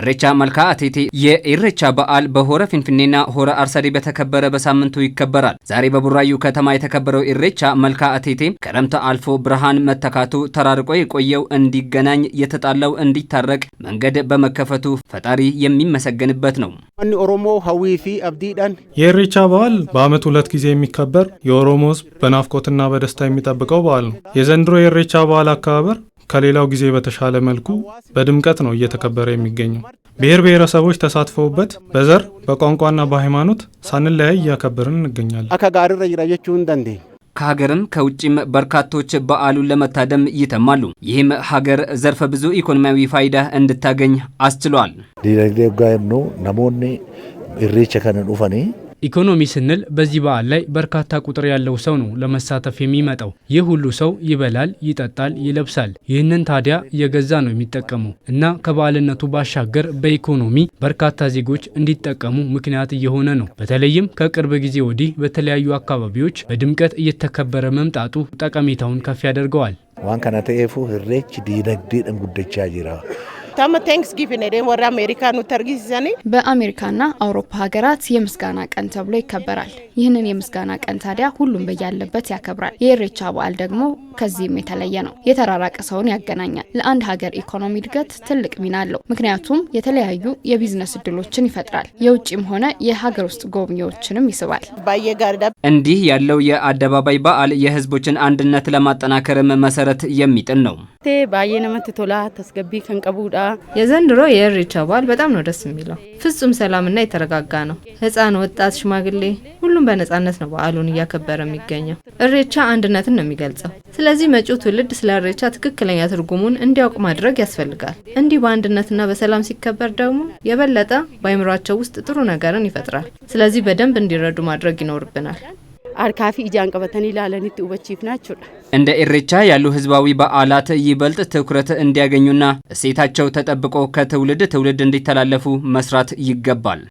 እሬቻ መልካ አቴቴ። የኢሬቻ በዓል በሆረ ፊንፊኔና ሆረ አርሰዴ በተከበረ በሳምንቱ ይከበራል። ዛሬ በቡራዩ ከተማ የተከበረው ኢሬቻ መልካ አቴቴ ክረምት አልፎ ብርሃን መተካቱ ተራርቆ የቆየው እንዲገናኝ የተጣላው እንዲታረቅ መንገድ በመከፈቱ ፈጣሪ የሚመሰገንበት ነው። ኦሮሞ ሀዊ ፊ አብዲዳን የኢሬቻ በዓል በዓመት ሁለት ጊዜ የሚከበር የኦሮሞ ህዝብ በናፍቆትና በደስታ የሚጠብቀው በዓል ነው። የዘንድሮ የኢሬቻ በዓል አከባበር ከሌላው ጊዜ በተሻለ መልኩ በድምቀት ነው እየተከበረ የሚገኘው። ብሔር ብሔረሰቦች ተሳትፈውበት በዘር በቋንቋና በሃይማኖት ሳንለያይ እያከበርን እንገኛለን። ከሀገርም ከውጭም በርካቶች በዓሉን ለመታደም ይተማሉ። ይህም ሀገር ዘርፈ ብዙ ኢኮኖሚያዊ ፋይዳ እንድታገኝ አስችሏል። ዲነግዴ ጋይም ነው ነሞኔ እሬቸ ከነን ኡፈኔ ኢኮኖሚ ስንል በዚህ በዓል ላይ በርካታ ቁጥር ያለው ሰው ነው ለመሳተፍ የሚመጣው። ይህ ሁሉ ሰው ይበላል፣ ይጠጣል፣ ይለብሳል። ይህንን ታዲያ እየገዛ ነው የሚጠቀመው እና ከበዓልነቱ ባሻገር በኢኮኖሚ በርካታ ዜጎች እንዲጠቀሙ ምክንያት እየሆነ ነው። በተለይም ከቅርብ ጊዜ ወዲህ በተለያዩ አካባቢዎች በድምቀት እየተከበረ መምጣቱ ጠቀሜታውን ከፍ ያደርገዋል። ዋን ከነተኤፉ ህሬች ዲነግዴን ጉደቻ ጅራ በአሜሪካና አውሮፓ ሀገራት የምስጋና ቀን ተብሎ ይከበራል። ይህንን የምስጋና ቀን ታዲያ ሁሉም በያለበት ያከብራል። የኢሬቻ በዓል ደግሞ ከዚህም የተለየ ነው። የተራራቀ ሰውን ያገናኛል። ለአንድ ሀገር ኢኮኖሚ እድገት ትልቅ ሚና አለው። ምክንያቱም የተለያዩ የቢዝነስ እድሎችን ይፈጥራል። የውጭም ሆነ የሀገር ውስጥ ጎብኚዎችንም ይስባል። እንዲህ ያለው የአደባባይ በዓል የህዝቦችን አንድነት ለማጠናከርም መሰረት የሚጥል ነው። ባየ ነመት ቶላ ተስገቢ ከንቀቡዳ የዘንድሮ የእሬቻ በዓል በጣም ነው ደስ የሚለው። ፍጹም ሰላምና የተረጋጋ ነው። ህፃን፣ ወጣት፣ ሽማግሌ ሁሉም በነፃነት ነው በዓሉን እያከበረ የሚገኘው። እሬቻ አንድነትን ነው የሚገልጸው። ስለዚህ መጪው ትውልድ ስለ እሬቻ ትክክለኛ ትርጉሙን እንዲያውቅ ማድረግ ያስፈልጋል። እንዲህ በአንድነትና በሰላም ሲከበር ደግሞ የበለጠ በአይምሯቸው ውስጥ ጥሩ ነገርን ይፈጥራል። ስለዚህ በደንብ እንዲረዱ ማድረግ ይኖርብናል። አርካፊ ኢጃን ቀበተኒ ላለኒት ውበቺፍ ናቸውና እንደ ኢሬቻ ያሉ ህዝባዊ በዓላት ይበልጥ ትኩረት እንዲያገኙና እሴታቸው ተጠብቆ ከትውልድ ትውልድ እንዲተላለፉ መስራት ይገባል።